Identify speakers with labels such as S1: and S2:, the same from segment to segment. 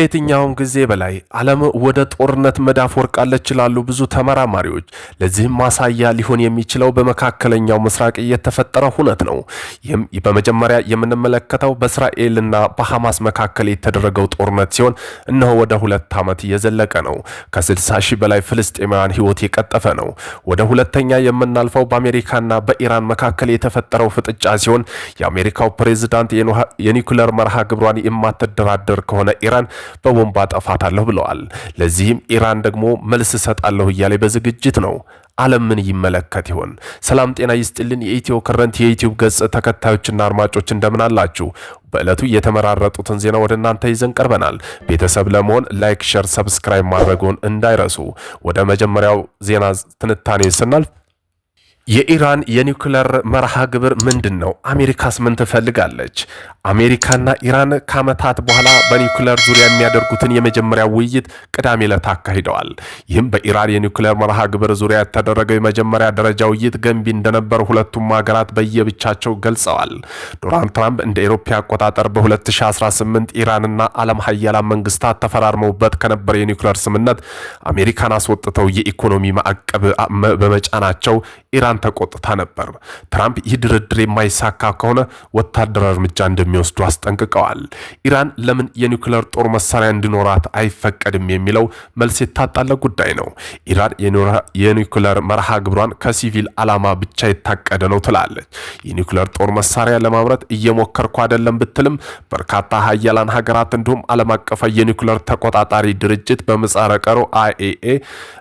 S1: ከየትኛውም ጊዜ በላይ ዓለም ወደ ጦርነት መዳፍ ወርቃለች ይላሉ ብዙ ተመራማሪዎች። ለዚህም ማሳያ ሊሆን የሚችለው በመካከለኛው ምስራቅ የተፈጠረ ሁነት ነው። ይህም በመጀመሪያ የምንመለከተው በእስራኤልና በሐማስ መካከል የተደረገው ጦርነት ሲሆን እነሆ ወደ ሁለት ዓመት እየዘለቀ ነው። ከ60 ሺህ በላይ ፍልስጤማውያን ህይወት የቀጠፈ ነው። ወደ ሁለተኛ የምናልፈው በአሜሪካና በኢራን መካከል የተፈጠረው ፍጥጫ ሲሆን የአሜሪካው ፕሬዝዳንት የኒኩለር መርሃ ግብሯን የማትደራደር ከሆነ ኢራን በቦምብ አጠፋታለሁ ብለዋል። ለዚህም ኢራን ደግሞ መልስ እሰጣለሁ እያለ በዝግጅት ነው። ዓለም ምን ይመለከት ይሆን? ሰላም ጤና ይስጥልን። የኢትዮ ከረንት የዩቲዩብ ገጽ ተከታዮችና አድማጮች እንደምን አላችሁ? በዕለቱ የተመራረጡትን ዜና ወደ እናንተ ይዘን ቀርበናል። ቤተሰብ ለመሆን ላይክ፣ ሸር፣ ሰብስክራይብ ማድረጉን እንዳይረሱ። ወደ መጀመሪያው ዜና ትንታኔ ስናልፍ የኢራን የኒውክለር መርሃ ግብር ምንድን ነው? አሜሪካስ ምን ትፈልጋለች? አሜሪካና ኢራን ከዓመታት በኋላ በኒውክለር ዙሪያ የሚያደርጉትን የመጀመሪያ ውይይት ቅዳሜ ዕለት አካሂደዋል። ይህም በኢራን የኒውክለር መርሃ ግብር ዙሪያ የተደረገው የመጀመሪያ ደረጃ ውይይት ገንቢ እንደነበር ሁለቱም ሀገራት በየብቻቸው ገልጸዋል። ዶናልድ ትራምፕ እንደ ኤሮፓ አቆጣጠር በ2018 ኢራንና ዓለም ሀያላን መንግስታት ተፈራርመውበት ከነበረ የኒውክለር ስምነት አሜሪካን አስወጥተው የኢኮኖሚ ማዕቀብ በመጫናቸው ኢራን ተቆጥታ ነበር። ትራምፕ ይህ ድርድር የማይሳካ ከሆነ ወታደራዊ እርምጃ እንደሚወስዱ አስጠንቅቀዋል። ኢራን ለምን የኒውክሌር ጦር መሳሪያ እንዲኖራት አይፈቀድም የሚለው መልስ የታጣለ ጉዳይ ነው። ኢራን የኒውክሌር መርሃ ግብሯን ከሲቪል ዓላማ ብቻ የታቀደ ነው ትላለች። የኒውክሌር ጦር መሳሪያ ለማምረት እየሞከርኩ አይደለም ብትልም በርካታ ሀያላን ሀገራት እንዲሁም ዓለም አቀፍ የኒውክሌር ተቆጣጣሪ ድርጅት በምህጻረ ቀሩ አይኤኤ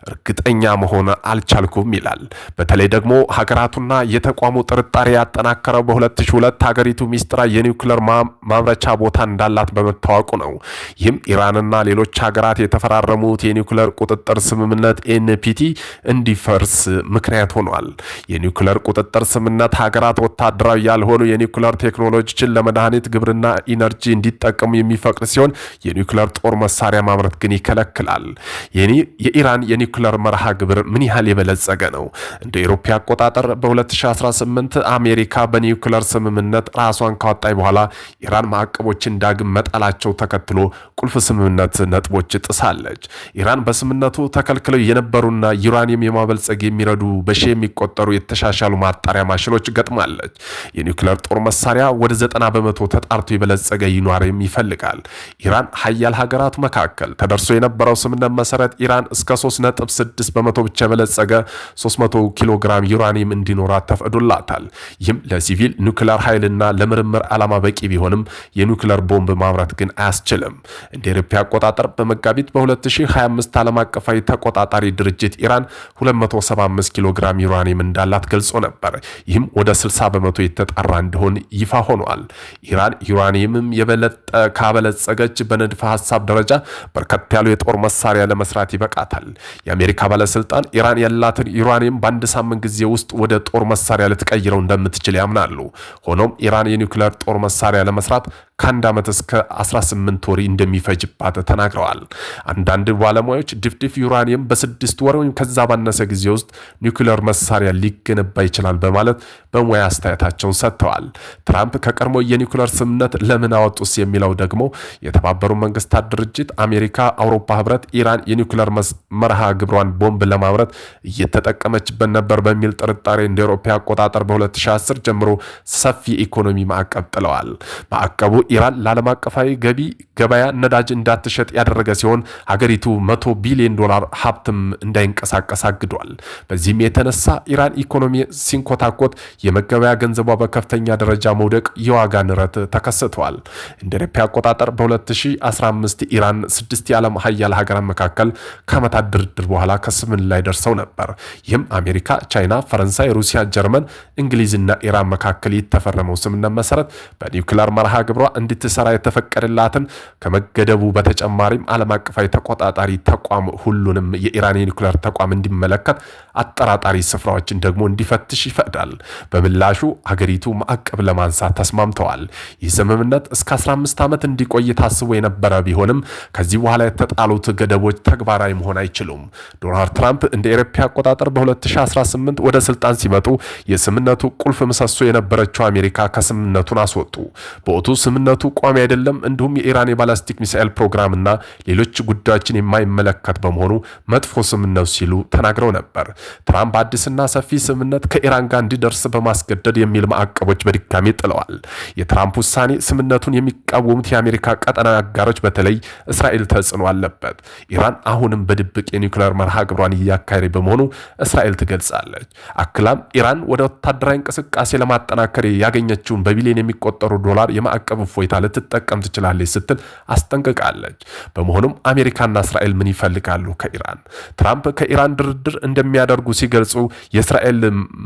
S1: እርግጠኛ መሆን አልቻልኩም ይላል። በተለይ ደግሞ ሀገራቱና የተቋሙ ጥርጣሬ ያጠናከረው በ2002 ሀገሪቱ ሚስጥራ የኒውክለር ማምረቻ ቦታ እንዳላት በመታወቁ ነው። ይህም ኢራንና ሌሎች ሀገራት የተፈራረሙት የኒውክለር ቁጥጥር ስምምነት ኤንፒቲ እንዲፈርስ ምክንያት ሆኗል። የኒውክለር ቁጥጥር ስምምነት ሀገራት ወታደራዊ ያልሆኑ የኒውክለር ቴክኖሎጂችን ለመድኃኒት፣ ግብርና፣ ኢነርጂ እንዲጠቀሙ የሚፈቅድ ሲሆን የኒውክለር ጦር መሳሪያ ማምረት ግን ይከለክላል። የኢራን የኒውክለር መርሃ ግብር ምን ያህል የበለጸገ ነው? እንደ ኢሮፓ አቆጣጠር በ2018 አሜሪካ በኒውክለር ስምምነት ራሷን ካወጣይ በኋላ ኢራን ማዕቀቦችን ዳግም መጣላቸው ተከትሎ ቁልፍ ስምምነት ነጥቦች ጥሳለች። ኢራን በስምምነቱ ተከልክለው የነበሩና ዩራኒየም የማበልጸግ የሚረዱ በሺ የሚቆጠሩ የተሻሻሉ ማጣሪያ ማሽኖች ገጥማለች። የኒውክለር ጦር መሳሪያ ወደ 90 በመቶ ተጣርቶ የበለጸገ ዩራኒየም ይፈልጋል። ኢራን ሀያል ሀገራት መካከል ተደርሶ የነበረው ስምምነት መሰረት ኢራን እስከ 3.6 በመቶ ብቻ የበለጸገ 300 ኪሎ ግራም ዩራኒየም እንዲኖራት ተፈቅዶላታል። ይህም ለሲቪል ኑክሌር ኃይልና ለምርምር ዓላማ በቂ ቢሆንም የኑክሌር ቦምብ ማምረት ግን አያስችልም። እንደ ኢትዮጵያ አቆጣጠር በመጋቢት በ2025 ዓለም አቀፋዊ ተቆጣጣሪ ድርጅት ኢራን 275 ኪሎ ግራም ዩራኒየም እንዳላት ገልጾ ነበር። ይህም ወደ 60 በመቶ የተጣራ እንደሆን ይፋ ሆኗል። ኢራን ዩራኒየምም የበለጠ ካበለጸገች በንድፈ ሀሳብ ደረጃ በርከት ያሉ የጦር መሳሪያ ለመስራት ይበቃታል። የአሜሪካ ባለስልጣን ኢራን ያላትን ዩራኒየም በአንድ ሳምንት ጊዜ ውስጥ ወደ ጦር መሳሪያ ልትቀይረው እንደምትችል ያምናሉ። ሆኖም ኢራን የኒውክሌር ጦር መሳሪያ ለመስራት ከአንድ ዓመት እስከ 18 ወር እንደሚፈጅባት ተናግረዋል። አንዳንድ ባለሙያዎች ድፍድፍ ዩራኒየም በስድስት ወር ወይም ከዛ ባነሰ ጊዜ ውስጥ ኒውክሌር መሳሪያ ሊገነባ ይችላል በማለት በሙያ አስተያየታቸውን ሰጥተዋል። ትራምፕ ከቀድሞ የኒውክሌር ስምምነት ለምን አወጡስ የሚለው ደግሞ የተባበሩ መንግስታት ድርጅት፣ አሜሪካ፣ አውሮፓ ህብረት ኢራን የኒውክሌር መርሃ ግብሯን ቦምብ ለማምረት እየተጠቀመችበት ነበር በሚል ጥርጣሬ እንደ አውሮፓ አቆጣጠር በ2010 ጀምሮ ሰፊ ኢኮኖሚ ማዕቀብ ጥለዋል። ማዕቀቡ ኢራን ለዓለም አቀፋዊ ገቢ ገበያ ነዳጅ እንዳትሸጥ ያደረገ ሲሆን ሀገሪቱ መቶ ቢሊዮን ዶላር ሀብትም እንዳይንቀሳቀስ አግዷል። በዚህም የተነሳ ኢራን ኢኮኖሚ ሲንኮታኮት የመገበያ ገንዘቧ በከፍተኛ ደረጃ መውደቅ፣ የዋጋ ንረት ተከስተዋል። እንደ አውሮፓ አቆጣጠር በ2015 ኢራን ስድስት የዓለም ሀያል ሀገራት መካከል ከዓመታት ድርድር በኋላ ከስምን ላይ ደርሰው ነበር። ይህም አሜሪካ፣ ቻይና፣ ፈረንሳይ፣ ሩሲያ፣ ጀርመን፣ እንግሊዝና ኢራን መካከል የተፈረመው ስምነት መሰረት በኒውክሌር መርሃ ግብሯ እንድትሰራ የተፈቀደላትን ከመገደቡ በተጨማሪም ዓለም አቀፋዊ ተቆጣጣሪ ተቋም ሁሉንም የኢራን የኒኩሌር ተቋም እንዲመለከት አጠራጣሪ ስፍራዎችን ደግሞ እንዲፈትሽ ይፈቅዳል። በምላሹ ሀገሪቱ ማዕቀብ ለማንሳት ተስማምተዋል። ይህ ስምምነት እስከ 15 ዓመት እንዲቆይ ታስቦ የነበረ ቢሆንም ከዚህ በኋላ የተጣሉት ገደቦች ተግባራዊ መሆን አይችሉም። ዶናልድ ትራምፕ እንደ ኤሮፓ አቆጣጠር በ2018 ወደ ስልጣን ሲመጡ የስምምነቱ ቁልፍ ምሰሶ የነበረችው አሜሪካ ከስምምነቱን አስወጡ። በወቅቱ ስምምነቱ ስምምነቱ ቋሚ አይደለም። እንዲሁም የኢራን የባላስቲክ ሚሳኤል ፕሮግራምና ሌሎች ጉዳዮችን የማይመለከት በመሆኑ መጥፎ ስምነት ሲሉ ተናግረው ነበር። ትራምፕ አዲስና ሰፊ ስምነት ከኢራን ጋር እንዲደርስ በማስገደድ የሚል ማዕቀቦች በድጋሚ ጥለዋል። የትራምፕ ውሳኔ ስምነቱን የሚቃወሙት የአሜሪካ ቀጠና አጋሮች በተለይ እስራኤል ተጽዕኖ አለበት። ኢራን አሁንም በድብቅ የኒውክሌር መርሃ ግብሯን እያካሄደ በመሆኑ እስራኤል ትገልጻለች። አክላም ኢራን ወደ ወታደራዊ እንቅስቃሴ ለማጠናከር ያገኘችውን በቢሊዮን የሚቆጠሩ ዶላር የማዕቀቡ እፎይታ ልትጠቀም ትችላለች ስትል አስጠንቅቃለች። በመሆኑም አሜሪካና እስራኤል ምን ይፈልጋሉ ከኢራን? ትራምፕ ከኢራን ድርድር እንደሚያደርጉ ሲገልጹ የእስራኤል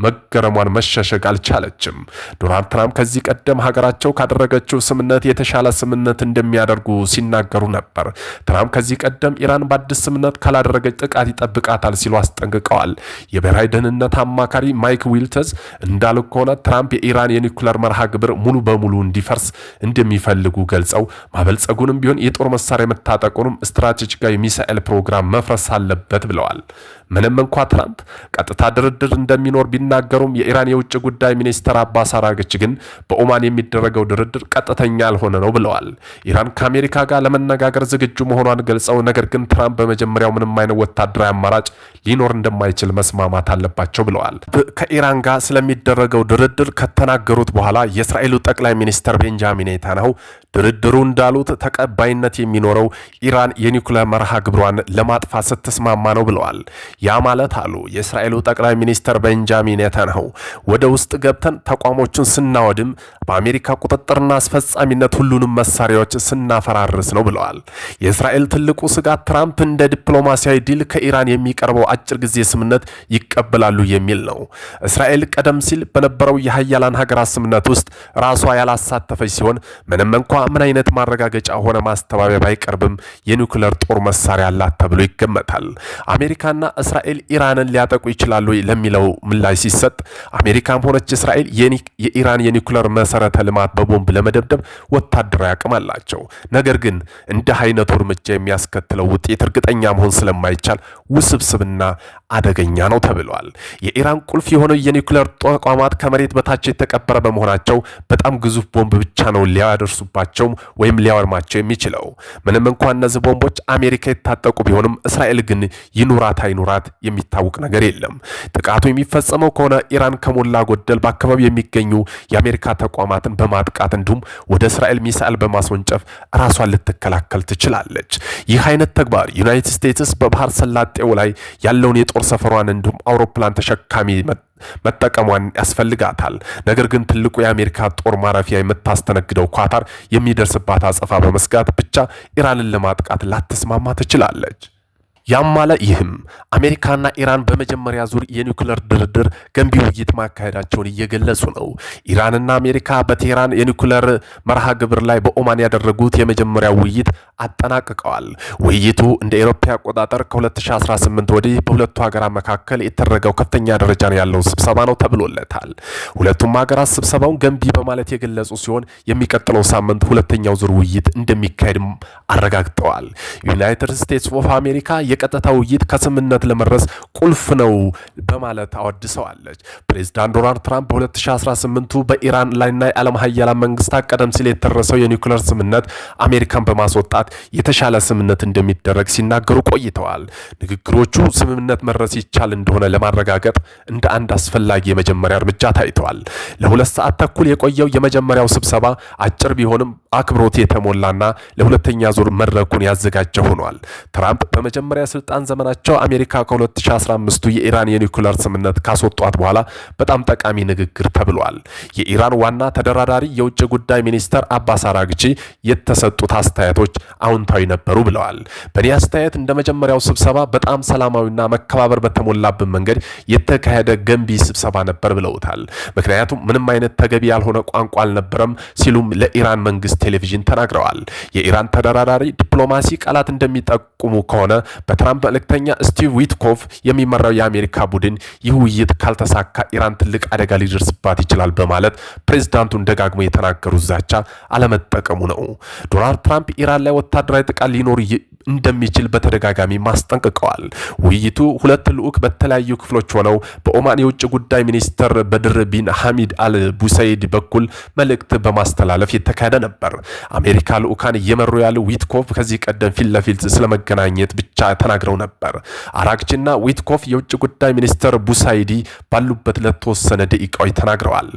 S1: መገረሟን መሸሸግ አልቻለችም። ዶናልድ ትራምፕ ከዚህ ቀደም ሀገራቸው ካደረገችው ስምነት የተሻለ ስምነት እንደሚያደርጉ ሲናገሩ ነበር። ትራምፕ ከዚህ ቀደም ኢራን በአዲስ ስምነት ካላደረገች ጥቃት ይጠብቃታል ሲሉ አስጠንቅቀዋል። የብሔራዊ ደህንነት አማካሪ ማይክ ዊልተዝ እንዳሉ ከሆነ ትራምፕ የኢራን የኒኩለር መርሃ ግብር ሙሉ በሙሉ እንዲፈርስ እንደሚፈልጉ ገልጸው ማበልጸጉንም ቢሆን የጦር መሳሪያ መታጠቁንም ስትራቴጂካዊ ሚሳኤል ፕሮግራም መፍረስ አለበት ብለዋል። ምንም እንኳ ትራምፕ ቀጥታ ድርድር እንደሚኖር ቢናገሩም የኢራን የውጭ ጉዳይ ሚኒስትር አባስ አራግች ግን በኦማን የሚደረገው ድርድር ቀጥተኛ ያልሆነ ነው ብለዋል። ኢራን ከአሜሪካ ጋር ለመነጋገር ዝግጁ መሆኗን ገልጸው ነገር ግን ትራምፕ በመጀመሪያው ምንም አይነት ወታደራዊ አማራጭ ሊኖር እንደማይችል መስማማት አለባቸው ብለዋል። ከኢራን ጋር ስለሚደረገው ድርድር ከተናገሩት በኋላ የእስራኤሉ ጠቅላይ ሚኒስትር ቤንጃሚን ኔታንያሁ ድርድሩ እንዳሉት ተቀባይነት የሚኖረው ኢራን የኒውክሌር መርሃ ግብሯን ለማጥፋት ስትስማማ ነው ብለዋል። ያ ማለት አሉ የእስራኤሉ ጠቅላይ ሚኒስተር ቤንጃሚን ኔታንያሁ ወደ ውስጥ ገብተን ተቋሞቹን ስናወድም፣ በአሜሪካ ቁጥጥርና አስፈጻሚነት ሁሉንም መሳሪያዎች ስናፈራርስ ነው ብለዋል። የእስራኤል ትልቁ ስጋት ትራምፕ እንደ ዲፕሎማሲያዊ ዲል ከኢራን የሚቀርበው አጭር ጊዜ ስምነት ይቀበላሉ የሚል ነው። እስራኤል ቀደም ሲል በነበረው የሀያላን ሀገራት ስምነት ውስጥ ራሷ ያላሳተፈች ሲሆን ምንም እንኳ ምን አይነት ማረጋገጫ ሆነ ማስተባበያ ባይቀርብም የኒውክለር ጦር መሳሪያ አላት ተብሎ ይገመታል። አሜሪካና እስራኤል ኢራንን ሊያጠቁ ይችላሉ ለሚለው ምላሽ ሲሰጥ አሜሪካም ሆነች እስራኤል የኢራን የኒውክለር መሰረተ ልማት በቦምብ ለመደብደብ ወታደራዊ አቅም አላቸው። ነገር ግን እንደ አይነቱ እርምጃ የሚያስከትለው ውጤት እርግጠኛ መሆን ስለማይቻል ውስብስብና አደገኛ ነው ተብሏል። የኢራን ቁልፍ የሆነው የኒውክለር ተቋማት ከመሬት በታች የተቀበረ በመሆናቸው በጣም ግዙፍ ቦምብ ብቻ ነው ሊያደርሱባቸው ወይም ሊያወርማቸው የሚችለው። ምንም እንኳን እነዚህ ቦምቦች አሜሪካ የታጠቁ ቢሆንም እስራኤል ግን ይኑራት አይኑራት የሚታወቅ ነገር የለም። ጥቃቱ የሚፈጸመው ከሆነ ኢራን ከሞላ ጎደል በአካባቢው የሚገኙ የአሜሪካ ተቋማትን በማጥቃት እንዲሁም ወደ እስራኤል ሚሳኤል በማስወንጨፍ ራሷን ልትከላከል ትችላለች። ይህ አይነት ተግባር ዩናይትድ ስቴትስ በባህር ሰላጤው ላይ ያለውን የጦር ሰፈሯን እንዲሁም አውሮፕላን ተሸካሚ መጠቀሟን ያስፈልጋታል። ነገር ግን ትልቁ የአሜሪካ ጦር ማረፊያ የምታስተነግደው ኳታር የሚደርስባት አጸፋ በመስጋት ብቻ ኢራንን ለማጥቃት ላትስማማ ትችላለች። ያማለ ይህም አሜሪካና ኢራን በመጀመሪያ ዙር የኒውክለር ድርድር ገንቢ ውይይት ማካሄዳቸውን እየገለጹ ነው። ኢራንና አሜሪካ በቴህራን የኒውክለር መርሃ ግብር ላይ በኦማን ያደረጉት የመጀመሪያ ውይይት አጠናቅቀዋል። ውይይቱ እንደ ኤሮፓ አቆጣጠር ከ2018 ወዲህ በሁለቱ ሀገራት መካከል የተደረገው ከፍተኛ ደረጃ ያለው ስብሰባ ነው ተብሎለታል። ሁለቱም ሀገራት ስብሰባውን ገንቢ በማለት የገለጹ ሲሆን የሚቀጥለው ሳምንት ሁለተኛው ዙር ውይይት እንደሚካሄድም አረጋግጠዋል። ዩናይትድ ስቴትስ ኦፍ አሜሪካ የቀጥታ ውይይት ከስምነት ለመድረስ ቁልፍ ነው በማለት አወድሰዋለች። ፕሬዚዳንት ዶናልድ ትራምፕ በ2018ቱ በኢራን ላይና የዓለም ሀያላን መንግስታት ቀደም ሲል የተደረሰው የኒውክለር ስምነት አሜሪካን በማስወጣት የተሻለ ስምነት እንደሚደረግ ሲናገሩ ቆይተዋል። ንግግሮቹ ስምምነት መድረስ ይቻል እንደሆነ ለማረጋገጥ እንደ አንድ አስፈላጊ የመጀመሪያ እርምጃ ታይተዋል። ለሁለት ሰዓት ተኩል የቆየው የመጀመሪያው ስብሰባ አጭር ቢሆንም አክብሮት የተሞላና ለሁለተኛ ዙር መድረኩን ያዘጋጀ ሆኗል። ትራምፕ በመጀመሪያ ስልጣን ዘመናቸው አሜሪካ ከ 2015 የኢራን የኒውክለር ስምነት ካስወጧት በኋላ በጣም ጠቃሚ ንግግር ተብሏል። የኢራን ዋና ተደራዳሪ የውጭ ጉዳይ ሚኒስተር አባስ አራግቺ የተሰጡት አስተያየቶች አውንታዊ ነበሩ ብለዋል። በእኔ አስተያየት እንደ መጀመሪያው ስብሰባ በጣም ሰላማዊና መከባበር በተሞላበት መንገድ የተካሄደ ገንቢ ስብሰባ ነበር ብለውታል። ምክንያቱም ምንም አይነት ተገቢ ያልሆነ ቋንቋ አልነበረም ሲሉም ለኢራን መንግስት ቴሌቪዥን ተናግረዋል። የኢራን ተደራዳሪ ዲፕሎማሲ ቃላት እንደሚጠቁሙ ከሆነ በትራምፕ መልእክተኛ ስቲቭ ዊትኮቭ የሚመራው የአሜሪካ ቡድን ይህ ውይይት ካልተሳካ ኢራን ትልቅ አደጋ ሊደርስባት ይችላል በማለት ፕሬዚዳንቱን ደጋግሞ የተናገሩ ዛቻ አለመጠቀሙ ነው። ዶናልድ ትራምፕ ኢራን ላይ ወታደራዊ ጥቃት ሊኖር እንደሚችል በተደጋጋሚ ማስጠንቅቀዋል። ውይይቱ ሁለት ልዑክ በተለያዩ ክፍሎች ሆነው በኦማን የውጭ ጉዳይ ሚኒስትር በድር ቢን ሐሚድ አል ቡሰይድ በኩል መልእክት በማስተላለፍ የተካሄደ ነበር። አሜሪካ ልዑካን እየመሩ ያሉ ዊትኮፍ ከዚህ ቀደም ፊት ለፊት ስለመገናኘት ብቻ ተናግረው ነበር። አራግቺና ዊትኮፍ የውጭ ጉዳይ ሚኒስትር ቡሳይዲ ባሉበት ለተወሰነ ደቂቃዎች ተናግረዋል።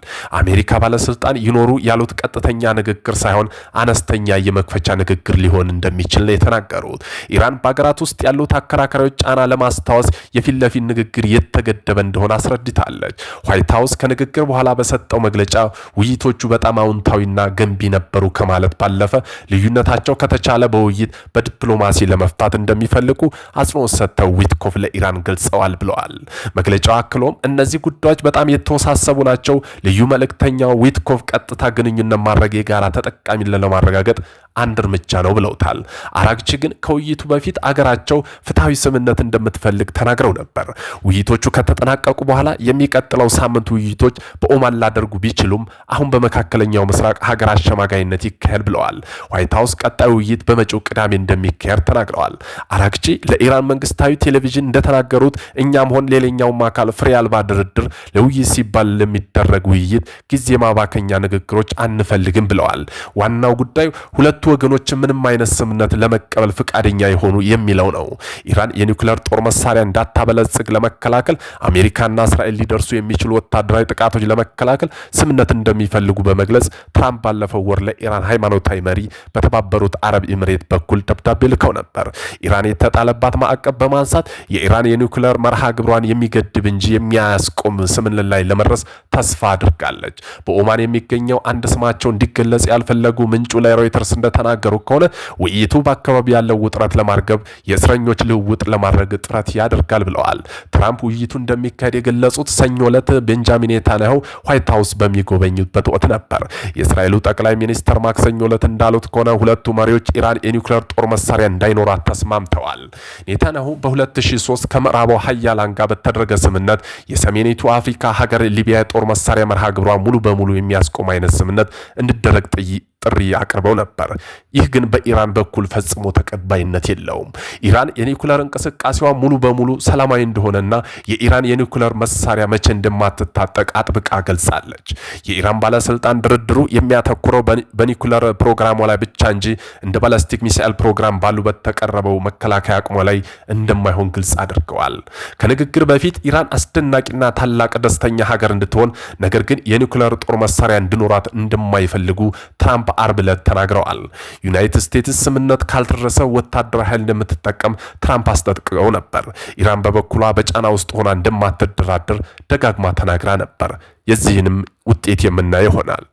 S1: አሜሪካ ባለስልጣን ይኖሩ ያሉት ቀጥተኛ ንግግር ሳይሆን አነስተኛ የመክፈቻ ንግግር ሊሆን እንደሚችል ነው የተናገሩት። ኢራን በሀገራት ውስጥ ያሉት አከራካሪዎች ጫና ለማስታወስ የፊት ለፊት ንግግር የተገደበ እንደሆነ አስረድታለች። ዋይት ሀውስ ከንግግር በኋላ በሰጠው መግለጫ ውይይቶቹ በጣም አውንታዊና ገንቢ ነበሩ ከማለት ባለፈ ልዩነታቸው ከተቻለ በውይይት በዲፕሎማሲ ለመፍታት እንደሚፈልጉ አጽንኦት ሰጥተው ዊትኮፍ ለኢራን ገልጸዋል ብለዋል። መግለጫው አክሎም እነዚህ ጉዳዮች በጣም የተወሳሰቡ ናቸው። ልዩ መልእክተኛው ዊትኮፍ ቀጥታ ግንኙነት ማድረግ የጋራ ተጠቃሚ ለማረጋገጥ አንድ እርምጃ ነው ብለውታል። አራግቺ ግን ከውይይቱ በፊት አገራቸው ፍትሐዊ ስምነት እንደምትፈልግ ተናግረው ነበር። ውይይቶቹ ከተጠናቀቁ በኋላ የሚቀጥለው ሳምንት ውይይቶች በኦማን ላደርጉ ቢችሉም አሁን በመካከለኛው ምስራቅ ሀገር አሸማጋይነት ይካሄድ ብለዋል። ዋይት ሀውስ ቀጣይ ውይይት በመጪው ቅዳሜ እንደሚካሄድ ተናግረዋል። አራግቺ ለኢራን መንግስታዊ ቴሌቪዥን እንደተናገሩት እኛም ሆን ሌላኛውም አካል ፍሬ አልባ ድርድር ለውይይት ሲባል ለሚደረግ ውይይት ጊዜ ማባከኛ ንግግሮች አንፈልግም ብለዋል። ዋናው ጉዳይ ሁለቱ ወገኖች ምንም አይነት ስምነት ለመቀበል ፈቃደኛ የሆኑ የሚለው ነው። ኢራን የኒውክሌር ጦር መሳሪያ እንዳታበለጽግ ለመከላከል አሜሪካና እስራኤል ሊደርሱ የሚችሉ ወታደራዊ ጥቃቶች ለመከላከል ስምነት እንደሚፈልጉ በመግለጽ ትራምፕ ባለፈው ወር ለኢራን ሃይማኖታዊ መሪ በተባበሩት አረብ ኢምሬት በኩል ደብዳቤ ልከው ነበር። ኢራን የተጣለባት ማዕቀብ በማንሳት የኢራን የኒውክሌር መርሃ ግብሯን የሚገድብ እንጂ የሚያስቆም ስምምነት ላይ ለመድረስ ተስፋ አድርጋለች። በኦማን የሚገኘው አንድ ስማቸው እንዲገለጽ ያልፈለጉ ምንጩ ላይ ሮይተርስ እንደ ተናገሩ ከሆነ ውይይቱ በአካባቢ ያለው ውጥረት ለማርገብ የእስረኞች ልውውጥ ለማድረግ ጥረት ያደርጋል ብለዋል። ትራምፕ ውይይቱ እንደሚካሄድ የገለጹት ሰኞ ዕለት ቤንጃሚን ኔታንያሁ ዋይት ሀውስ በሚጎበኙበት ወቅት ነበር። የእስራኤሉ ጠቅላይ ሚኒስትር ማክሰኞ ዕለት እንዳሉት ከሆነ ሁለቱ መሪዎች ኢራን የኒውክሌር ጦር መሳሪያ እንዳይኖራት ተስማምተዋል። ኔታንያሁ በ2003 ከምዕራቡ ሀያላን ጋር በተደረገ ስምነት የሰሜኒቱ አፍሪካ ሀገር ሊቢያ የጦር መሳሪያ መርሃ ግብሯ ሙሉ በሙሉ የሚያስቆም አይነት ስምነት እንዲደረግ ጥሪ አቅርበው ነበር። ይህ ግን በኢራን በኩል ፈጽሞ ተቀባይነት የለውም። ኢራን የኒኩለር እንቅስቃሴዋ ሙሉ በሙሉ ሰላማዊ እንደሆነና የኢራን የኒኩለር መሳሪያ መቼ እንደማትታጠቅ አጥብቃ ገልጻለች። የኢራን ባለስልጣን ድርድሩ የሚያተኩረው በኒኩለር ፕሮግራሟ ላይ ብቻ እንጂ እንደ ባላስቲክ ሚሳኤል ፕሮግራም ባሉ በተቀረበው መከላከያ አቅሟ ላይ እንደማይሆን ግልጽ አድርገዋል። ከንግግር በፊት ኢራን አስደናቂና ታላቅ ደስተኛ ሀገር እንድትሆን ነገር ግን የኒኩለር ጦር መሳሪያ እንዲኖራት እንደማይፈልጉ ትራምፕ አርብ ዕለት ተናግረዋል። ዩናይትድ ስቴትስ ስምነት ካልደረሰ ወታደራዊ ኃይል እንደምትጠቀም ትራምፕ አስጠንቅቀው ነበር። ኢራን በበኩሏ በጫና ውስጥ ሆና እንደማትደራደር ደጋግማ ተናግራ ነበር። የዚህንም ውጤት የምናየው ይሆናል።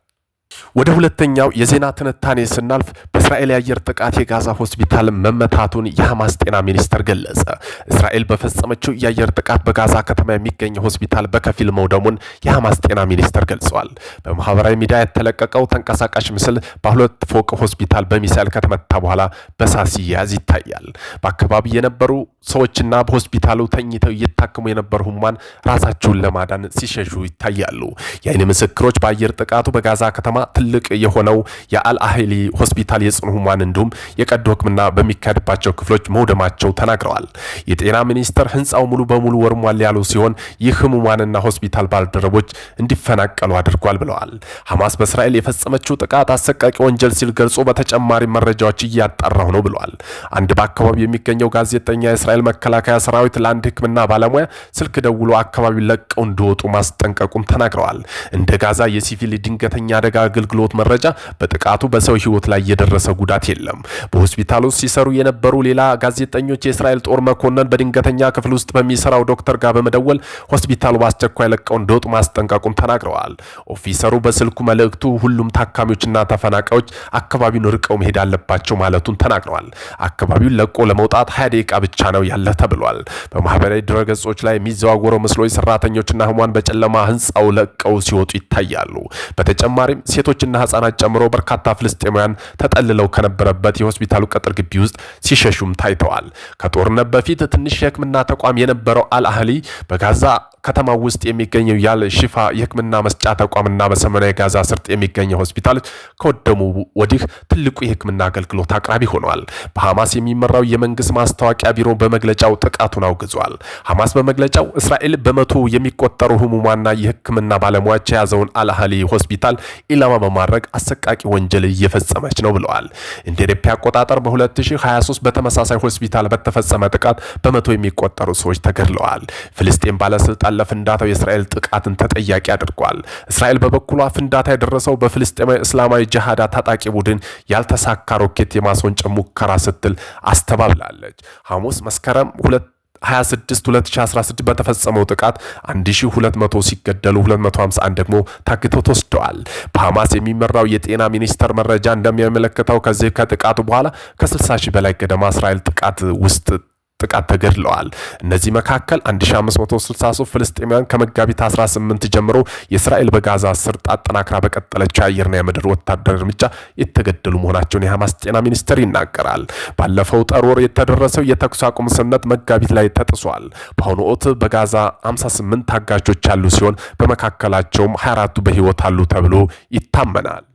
S1: ወደ ሁለተኛው የዜና ትንታኔ ስናልፍ በእስራኤል የአየር ጥቃት የጋዛ ሆስፒታል መመታቱን የሐማስ ጤና ሚኒስቴር ገለጸ። እስራኤል በፈጸመችው የአየር ጥቃት በጋዛ ከተማ የሚገኝ ሆስፒታል በከፊል መውደሙን የሐማስ ጤና ሚኒስቴር ገልጿል። በማህበራዊ ሚዲያ የተለቀቀው ተንቀሳቃሽ ምስል በሁለት ፎቅ ሆስፒታል በሚሳኤል ከተመታ በኋላ በሳ ሲያያዝ ይታያል። በአካባቢ የነበሩ ሰዎችና በሆስፒታሉ ተኝተው እየታከሙ የነበሩ ህሙማን ራሳቸውን ለማዳን ሲሸሹ ይታያሉ። የአይን ምስክሮች በአየር ጥቃቱ በጋዛ ከተማ ትልቅ የሆነው የአልአህሊ ሆስፒታል የጽኑ ህሙማን እንዲሁም የቀዶ ህክምና በሚካሄድባቸው ክፍሎች መውደማቸው ተናግረዋል። የጤና ሚኒስቴር ህንፃው ሙሉ በሙሉ ወርሟል ያሉ ሲሆን ይህ ህሙማንና ሆስፒታል ባልደረቦች እንዲፈናቀሉ አድርጓል ብለዋል። ሐማስ በእስራኤል የፈጸመችው ጥቃት አሰቃቂ ወንጀል ሲል ገልጾ በተጨማሪ መረጃዎች እያጣራሁ ነው ብለዋል። አንድ በአካባቢ የሚገኘው ጋዜጠኛ የእስራኤል መከላከያ ሰራዊት ለአንድ ህክምና ባለሙያ ስልክ ደውሎ አካባቢ ለቀው እንዲወጡ ማስጠንቀቁም ተናግረዋል። እንደ ጋዛ የሲቪል ድንገተኛ አደጋ አገልግሎት አገልግሎት መረጃ በጥቃቱ በሰው ህይወት ላይ የደረሰ ጉዳት የለም። በሆስፒታል ውስጥ ሲሰሩ የነበሩ ሌላ ጋዜጠኞች የእስራኤል ጦር መኮንን በድንገተኛ ክፍል ውስጥ በሚሰራው ዶክተር ጋር በመደወል ሆስፒታሉ በአስቸኳይ ለቀው እንዲወጡ ማስጠንቀቁን ተናግረዋል። ኦፊሰሩ በስልኩ መልእክቱ ሁሉም ታካሚዎችና ተፈናቃዮች አካባቢውን ርቀው መሄድ አለባቸው ማለቱን ተናግረዋል። አካባቢውን ለቆ ለመውጣት ሀያ ደቂቃ ብቻ ነው ያለ ተብሏል። በማህበራዊ ድረገጾች ላይ የሚዘዋወረው ምስሎች ሰራተኞችና ህሟን በጨለማ ህንፃው ለቀው ሲወጡ ይታያሉ። በተጨማሪም ሴቶች ሴቶችና ህጻናት ጨምሮ በርካታ ፍልስጤማውያን ተጠልለው ከነበረበት የሆስፒታሉ ቅጥር ግቢ ውስጥ ሲሸሹም ታይተዋል። ከጦርነት በፊት ትንሽ የህክምና ተቋም የነበረው አልአህሊ በጋዛ ከተማው ውስጥ የሚገኘው ያለ ሽፋ የህክምና መስጫ ተቋምና በሰሜናዊ ጋዛ ስርጥ የሚገኘው ሆስፒታል ከወደሙ ወዲህ ትልቁ የህክምና አገልግሎት አቅራቢ ሆኗል። በሐማስ የሚመራው የመንግስት ማስታወቂያ ቢሮ በመግለጫው ጥቃቱን አውግዟል። ሐማስ በመግለጫው እስራኤል በመቶ የሚቆጠሩ ህሙማና የህክምና ባለሙያዎች የያዘውን አልአህሊ ሆስፒታል ኢላማ በማድረግ አሰቃቂ ወንጀል እየፈጸመች ነው ብለዋል። እንደ አውሮፓ አቆጣጠር በ2023 በተመሳሳይ ሆስፒታል በተፈጸመ ጥቃት በመቶ የሚቆጠሩ ሰዎች ተገድለዋል። ፍልስጤም ባለስልጣን ለፍንዳታው የእስራኤል ጥቃትን ተጠያቂ አድርጓል። እስራኤል በበኩሏ ፍንዳታ የደረሰው በፍልስጤማዊ እስላማዊ ጅሃዳ ታጣቂ ቡድን ያልተሳካ ሮኬት የማስወንጨ ሙከራ ስትል አስተባብላለች። ሐሙስ መስከረም 26 2016 በተፈጸመው ጥቃት 1200 ሲገደሉ 251 ደግሞ ታግተው ተወስደዋል። በሐማስ የሚመራው የጤና ሚኒስቴር መረጃ እንደሚያመለክተው ከዚህ ከጥቃቱ በኋላ ከ60 ሺህ በላይ ገደማ እስራኤል ጥቃት ውስጥ ጥቃት ተገድለዋል። እነዚህ መካከል 1563 ፍልስጤማውያን ከመጋቢት 18 ጀምሮ የእስራኤል በጋዛ ሰርጥ አጠናክራ በቀጠለች የአየርና የምድር ወታደር እርምጃ የተገደሉ መሆናቸውን የሐማስ ጤና ሚኒስቴር ይናገራል። ባለፈው ጥር ወር የተደረሰው የተኩስ አቁም ስምምነት መጋቢት ላይ ተጥሷል። በአሁኑ ወቅት በጋዛ 58 ታጋቾች ያሉ ሲሆን በመካከላቸውም 24ቱ በህይወት አሉ ተብሎ ይታመናል።